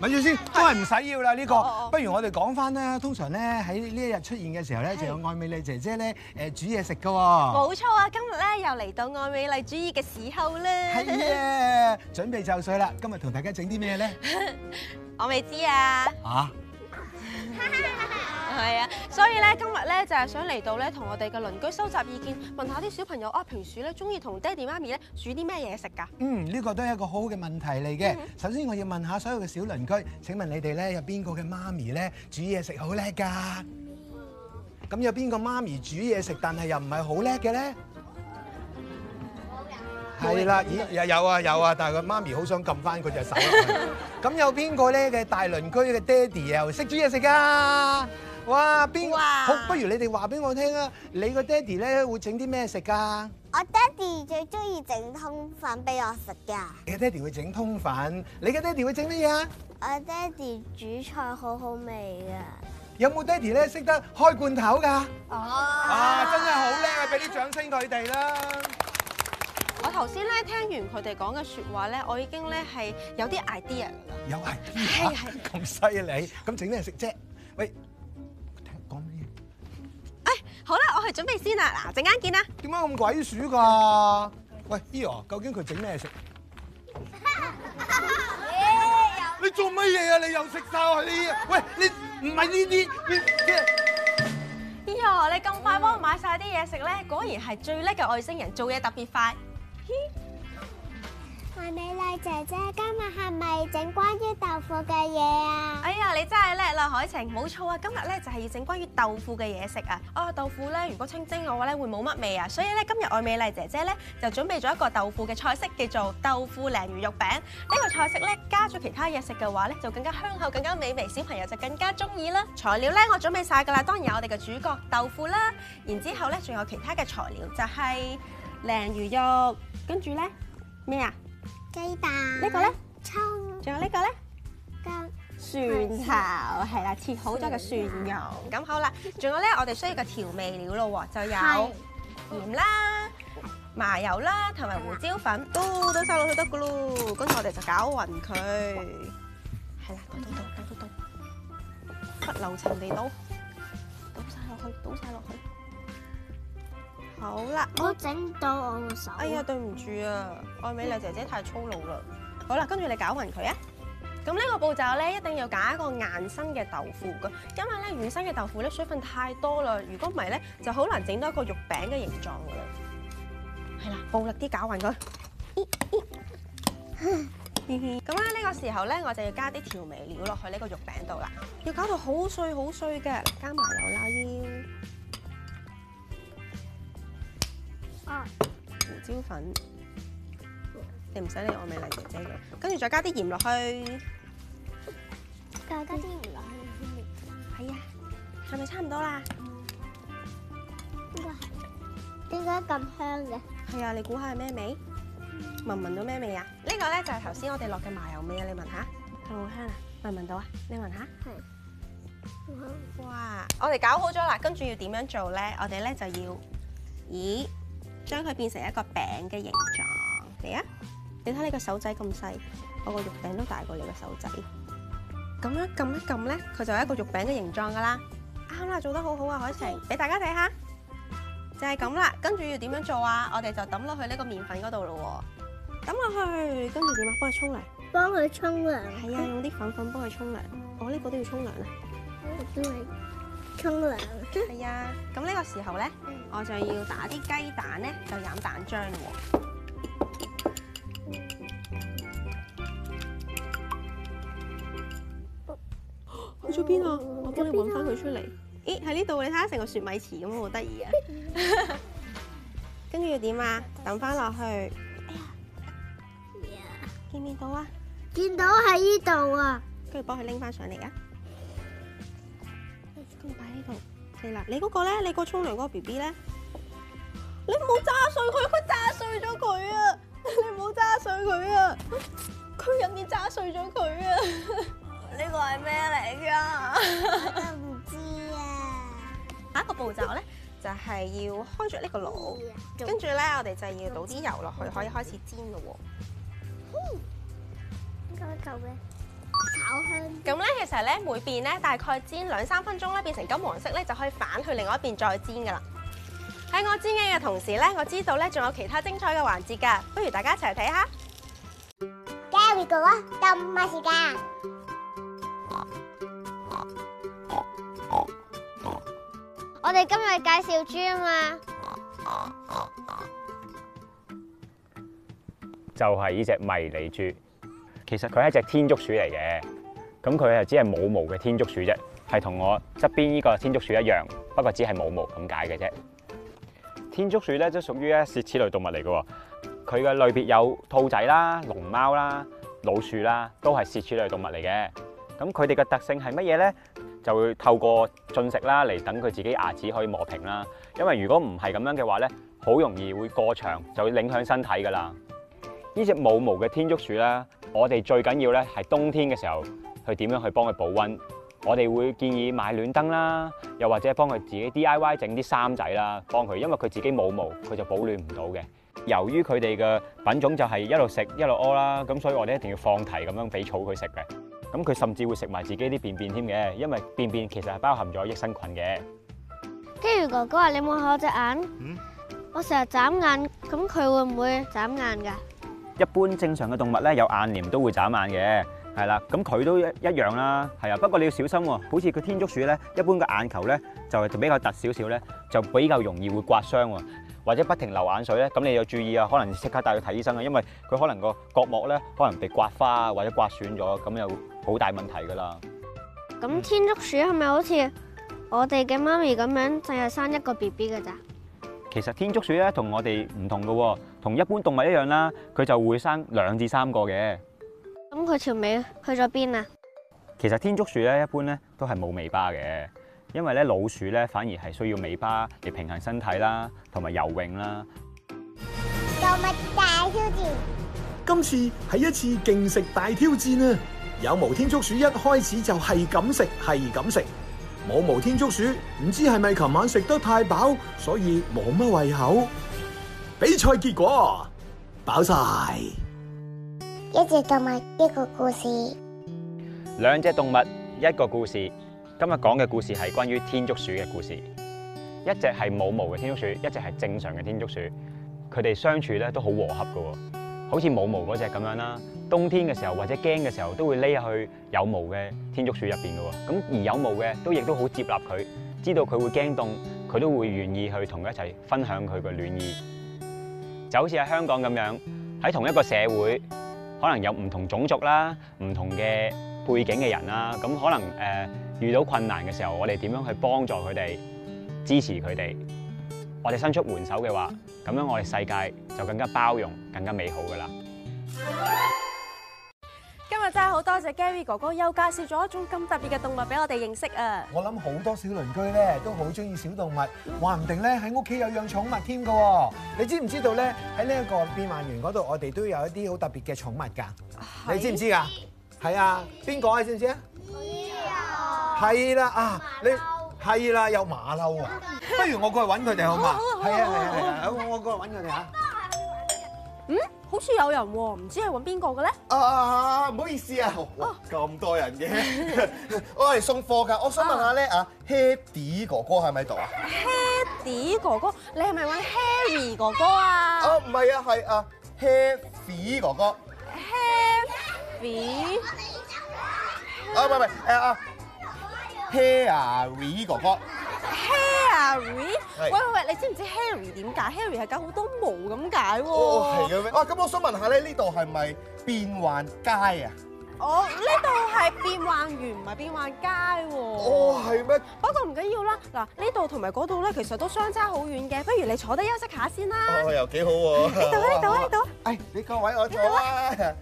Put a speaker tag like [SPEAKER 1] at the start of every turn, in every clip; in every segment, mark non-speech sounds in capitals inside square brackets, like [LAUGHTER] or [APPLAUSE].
[SPEAKER 1] 咪住先，都係唔使要啦呢個。不如我哋講翻啦。通常咧，喺呢一日出現嘅時候咧，就有愛美麗姐姐咧誒，煮嘢食噶。冇
[SPEAKER 2] 錯啊，今日咧又嚟到愛美麗主義嘅時候啦。係
[SPEAKER 1] 啊，準備就緒啦。今日同大家整啲咩咧？
[SPEAKER 2] 我未知啊。啊？係啊，所以咧今日咧就係想嚟到咧同我哋嘅鄰居收集意見，問下啲小朋友啊，平時咧中意同爹哋媽咪咧
[SPEAKER 1] 煮啲咩嘢食噶？嗯，呢個都係一個好好嘅問題嚟嘅，嗯。首先我要問下所有嘅小鄰居，請問你哋咧有邊個嘅媽咪咧煮嘢食好叻噶？咁，嗯、有邊個媽咪煮嘢食，但係又唔係好叻嘅咧？係、嗯、啦，咦，有啊有啊，嗯、但係個媽咪好想撳翻佢隻手。咁 [LAUGHS] 有邊個咧嘅大鄰居嘅爹哋又識煮嘢食噶？哇！邊話？好！不如你哋話俾我聽啊！你個爹哋咧會整啲咩食噶？我爹哋最中意整
[SPEAKER 2] 通粉俾我食噶。
[SPEAKER 1] 你嘅爹哋會整通粉，你嘅爹哋會整咩嘢啊？我爹哋煮菜好好味呀。有冇爹哋咧識得開罐頭噶？哦！啊，真係好叻，俾啲掌聲佢哋啦！我頭
[SPEAKER 2] 先咧聽完佢哋講嘅説話咧，我已經咧係有啲 idea 噶啦。有 idea？
[SPEAKER 1] 係，係咁犀利，咁整咩食啫？喂！
[SPEAKER 2] 我去準備先啦，嗱，陣間見啦。點解咁
[SPEAKER 1] 鬼鼠㗎？喂，Eo，究竟佢整咩食？ [LAUGHS] 你做乜嘢啊？你又食晒啊？你，喂， [LAUGHS] 你唔係呢啲
[SPEAKER 2] ？Eo，你咁快幫我買晒啲嘢食咧，果然係最叻嘅外星人，做嘢特別快。 [LAUGHS] 愛美麗姐姐，今日係咪整關於豆腐嘅嘢啊？哎呀，你真係叻啦，海晴，冇錯啊！今日咧就係要整關於豆腐嘅嘢食啊！哦，豆腐咧如果清蒸嘅話咧會冇乜味啊，所以咧今日愛美麗姐姐咧就準備咗一個豆腐嘅菜式，叫做豆腐鯪魚肉餅。呢個菜式咧加咗其他嘢食嘅話咧就更加香口，更加美味，小朋友就更加中意啦。材料咧我準備晒噶啦，當然有我哋嘅主角豆腐啦，然之後咧仲有其他嘅材料，就係鯪魚肉，跟住咧咩啊？什麼。雞蛋、這個、呢個咧，葱，仲有個呢個咧，薑，蒜頭係啦，切好咗嘅蒜蓉。咁好啦，仲有咧，我哋需要嘅調味料咯喎，就有鹽啦、麻油啦，同埋胡椒粉都倒晒落去得噶咯。咁我哋就攪勻佢，係啦，倒倒倒倒倒， [LAUGHS] 不留情地倒，倒晒落去，倒晒落去。好啦，我整到我個手。哎呀，對唔住啊，愛美麗姐姐太粗魯啦。好啦，跟住你攪匀佢啊。咁呢個步驟咧，一定要揀一個硬身嘅豆腐噶，因為咧軟身嘅豆腐咧水分太多啦，如果唔係咧就好難整到一個肉餅嘅形狀噶啦。係啦，暴力啲攪匀佢。咁啊，呢個時候咧，我就要加啲調味料落去呢個肉餅度啦，要搞到好碎好碎嘅，加埋油啦要。胡椒粉，你唔使理我美麗姐姐噶。跟住再加啲鹽落去，再加啲鹽落去。係啊，係咪差唔多啦？呢個係，點解咁香嘅？係啊，你估下係咩味？聞唔聞到咩味啊？呢個咧就係頭先我哋落嘅麻油味啊！你聞下，好香啊！聞唔聞到啊？你聞下。係。哇！我哋搞好咗啦，跟住要點樣做咧？我哋咧就要咦？將佢變成一個餅嘅形狀嚟啊！你睇你個手仔咁細，我個肉餅都大過你個手仔。咁樣撳一撳咧，佢就係一個肉餅嘅形狀噶啦。啱啦，做得好好啊，海晴！俾大家睇下，就係咁啦。跟住要點樣做啊？我哋就抌落去呢個麵粉嗰度咯。抌落去，跟住點啊？幫佢沖涼。幫佢沖涼。係啊，用啲粉粉幫佢沖涼。我呢個都要沖涼啊。沖涼係啊！咁呢個時候咧，我就要打啲雞蛋咧，就飲蛋漿喎。去咗邊啊？我幫你搵翻佢出嚟。咦、啊？喺呢度，你睇下成個雪米糍咁，好得意啊！跟 [LAUGHS] 住要點啊？抌翻落去。哎呀！見唔見到啊？見到喺呢度啊！跟住幫佢拎翻上嚟啊！啦，你嗰個咧，你個沖涼嗰個 B B 咧，你唔好揸碎佢，佢揸碎咗佢啊！你唔好揸碎佢啊！佢入面揸碎咗佢啊！呢個係咩嚟噶？唔 [LAUGHS] 知啊。下一個步驟咧， [LAUGHS] 就係要開着、嗯、呢個爐，跟住咧，我哋就要倒啲油落去、嗯，可以開始煎咯、哦。好，交俾。咁咧，其實咧每邊咧大概煎兩三分鐘咧，變成金黃色咧就可以反去另外一邊再煎噶啦。喺我煎緊嘅同時咧，我知道咧仲有其他精彩嘅環節噶，不如大家一齊睇下。Gary 哥哥，咁快時間？我哋今日介紹豬啊嘛，
[SPEAKER 3] 就係呢隻迷你豬，其實佢係一隻天竺鼠嚟嘅。咁佢係只係冇毛嘅天竺鼠啫，係同我側邊呢個天竺鼠一樣，不過只係冇毛咁解嘅啫。天竺鼠咧都屬於咧齧齒類動物嚟嘅，佢嘅類別有兔仔啦、龍貓啦、老鼠啦，都係齧齒類動物嚟嘅。咁佢哋嘅特性係乜嘢咧？就會透過進食啦嚟等佢自己牙齒可以磨平啦，因為如果唔係咁樣嘅話咧，好容易會過長，就會影響身體噶啦。呢隻冇毛嘅天竺鼠咧，我哋最緊要咧係冬天嘅時候。佢點樣去幫佢保溫？我哋會建議買暖燈啦，又或者幫佢自己 DIY 整啲衫仔啦，幫佢，因為佢自己冇毛，佢就保暖唔到嘅。由於佢哋嘅品種就係一路食一路屙啦，咁所以我哋一定要放題咁樣俾草佢食嘅。咁佢甚至會食埋自己啲便便添嘅，因為便便其實係包含咗益生菌嘅。
[SPEAKER 2] 金魚哥哥話：你望下我隻眼，我成日眨眼，咁佢會唔會眨眼㗎？
[SPEAKER 3] 一般正常嘅動物咧，有眼簾都會眨眼嘅。係啦，咁佢都一一樣啦，係啊。不過你要小心喎，好似佢天竺鼠咧，一般個眼球咧就比較凸少少咧，就比較容易會刮傷，或者不停流眼水咧，咁你要注意啊，可能即刻帶佢睇醫生啊，因為佢可能個角膜咧可能被刮花啊，或者刮損咗，咁又好大問題噶啦。
[SPEAKER 2] 咁天竺鼠係咪好似我哋嘅媽咪咁樣，淨係生一個 BB 噶咋？
[SPEAKER 3] 其實天竺鼠咧同我哋唔同噶，同一般動物一樣啦，佢就會生兩至三個嘅。
[SPEAKER 2] 咁佢條尾去咗邊啊？
[SPEAKER 3] 其實天竺鼠咧，一般咧都係冇尾巴嘅，因為咧老鼠咧反而係需要尾巴嚟平衡身體啦，同埋游泳啦。
[SPEAKER 1] 動物大挑戰，今次係一次勁食大挑戰啊！有毛天竺鼠一開始就係咁食，係咁食。冇毛天竺鼠唔知係咪琴晚食得太飽，所以冇乜胃口。比賽結果，飽晒。
[SPEAKER 2] 一隻動物一個故事，
[SPEAKER 1] 兩隻
[SPEAKER 3] 動物一個故事。今日講嘅故事係關於天竺鼠嘅故事。一隻係冇毛嘅天竺鼠，一隻係正常嘅天竺鼠。佢哋相處咧都好和洽噶，好似冇毛嗰隻咁樣啦。冬天嘅時候或者驚嘅時候，都會匿去有毛嘅天竺鼠入邊噶。咁而有毛嘅都亦都好接納佢，知道佢會驚凍，佢都會願意去同佢一齊分享佢嘅暖意。就好似喺香港咁樣，喺同一個社會，可能有唔同種族啦，唔同嘅背景嘅人啦，咁可能、呃、遇到困難嘅時候，我哋點樣去幫助佢哋、支持佢哋？我哋伸出援手嘅話，咁樣我哋世界就更加包容、更加美好
[SPEAKER 1] 㗎喇。
[SPEAKER 2] 真係好多謝 Gary 哥哥又介紹咗一種咁特別嘅動物俾我哋認識啊！
[SPEAKER 1] 我諗好多小鄰居咧都好中意小動物，話唔定咧喺屋企有養寵物添㗎喎。你知唔知道咧喺呢一個變幻園嗰度，我哋都有一啲好特別嘅寵物㗎？你知唔知㗎？係啊，邊個啊，啊？知唔知啊？係啦啊，啊你係啦、啊，有馬騮啊！不如我過去揾佢哋好唔好？係啊係啊，好，好，好，好，好我過去揾佢哋啊！嗯？好似有人喎，唔知係揾邊個嘅咧？啊啊，唔好意思啊，咁多人嘅， [LAUGHS] 我係送貨噶，我想問下咧啊，Happy 哥哥喺咪度啊
[SPEAKER 2] ？Happy 哥哥，你係咪揾 Harry 哥哥啊？哦，唔係啊，係啊 Happy 哥哥。Happy
[SPEAKER 1] 啊，唔係唔係啊，Harry 哥哥。Harry，喂喂
[SPEAKER 2] 喂，你知唔知 Harry 點解 Harry 係搞好多毛咁解喎？哦，
[SPEAKER 1] 係啊，喂，咁我想問下咧，呢度係咪變幻街啊？哦，
[SPEAKER 2] 我呢度係變幻園，唔係變幻街喎。哦，係咩？不過唔緊要啦。嗱，呢度同埋嗰度咧，其實都相差好遠嘅。不如你坐低休息下先啦。
[SPEAKER 1] 哦，又幾好喎。你度？你度？你
[SPEAKER 2] 度？誒，你
[SPEAKER 1] 個位我坐啦。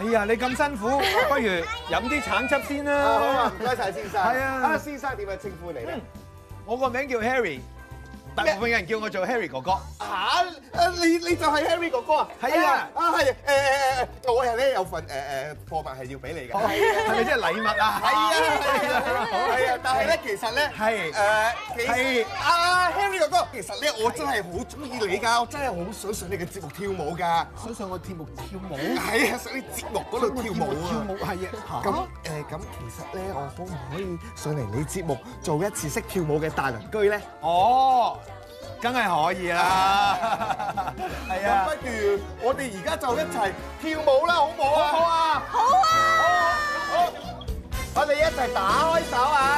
[SPEAKER 1] 哎呀，你咁辛苦，不如飲啲橙汁先啦。好，好謝謝啊，唔該曬先生。係啊，先生點樣稱呼你呢？我個名叫 Harry。大部分有人叫我做 Harry 哥哥，嚇！你你就係 Harry 哥哥啊？係啊！啊係誒，我係咧有份誒誒貨物係要俾你㗎，係咪即係禮物啊？係啊係啊，好啊！但係咧其實咧係誒係阿 Harry 哥哥，其實咧我真係好中意你㗎，我真係好想上你嘅節目跳舞㗎，想上我節目跳舞？係啊，上你節目嗰度跳舞啊！跳舞係啊！咁誒咁其實咧，我可唔可以上嚟你節目做一次識跳舞嘅大鄰居咧？哦！梗係可以啦，係啊！係呀，係呀，不如我哋而家就一齊跳舞啦，好唔好？啊好啊，好啊！好啊！好啊！我哋一齊打開手啊！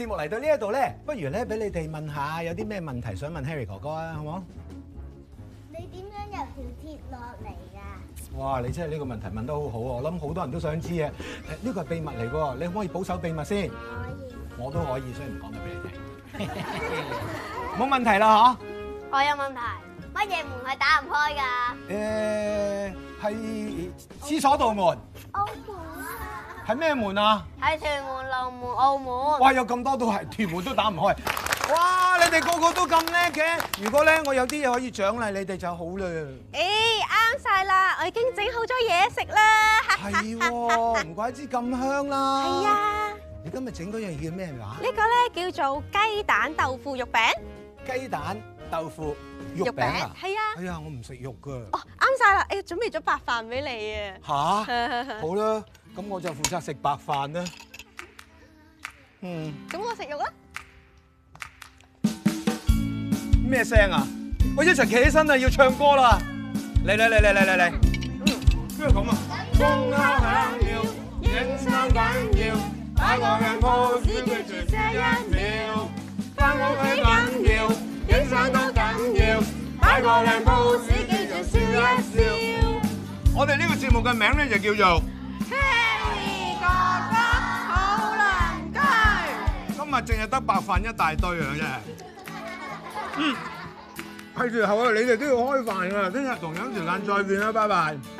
[SPEAKER 1] 節目嚟到呢一度咧，不如咧俾你哋問下，有啲咩問題想問 Harry 哥哥啊，好冇？你點樣
[SPEAKER 2] 由
[SPEAKER 1] 條鐵落嚟噶？哇，你真係呢個問題問得好好哦，我諗好多人都想知嘅。誒，呢個係秘密嚟噶，你可以保守秘密先。可以。我都可以，所以唔講得俾你聽。冇問題啦，嗬？
[SPEAKER 2] 我有問題，乜嘢
[SPEAKER 1] 門係打唔開噶？誒，係廁所道門。澳門。係咩門啊？
[SPEAKER 2] 係屯門、龍門、澳門。哇，有
[SPEAKER 1] 咁多都係屯門都打唔開。哇，你哋個個都咁叻嘅。如果咧，我有啲嘢，可以獎勵你哋就好啦。誒，
[SPEAKER 2] 啱晒啦，我已經整好咗嘢食啦。係，
[SPEAKER 1] 唔怪之咁香啦。係啊。你今日整嗰樣叫咩話？
[SPEAKER 2] 呢個咧叫做雞蛋豆腐肉餅。雞蛋
[SPEAKER 1] 豆腐、肉餅，係啊！係啊！哎呀，我唔食肉噶。
[SPEAKER 2] 哦，啱晒啦！誒，準備咗白飯俾你啊！嚇，好
[SPEAKER 1] 啦，咁我就負責食白飯啦。嗯，咁
[SPEAKER 2] 我食肉
[SPEAKER 1] 啦。咩聲啊？我一齊企起身啊，要唱歌啦！嚟嚟嚟嚟嚟嚟嚟！嗯，邊個咁啊？個節目嘅名咧就叫做《青兒哥哥討論區》，今日淨係得白飯一大堆樣嘅。嗯，係住後啊！你哋都要開飯㗎，聽日同樣時間再見啦，拜拜。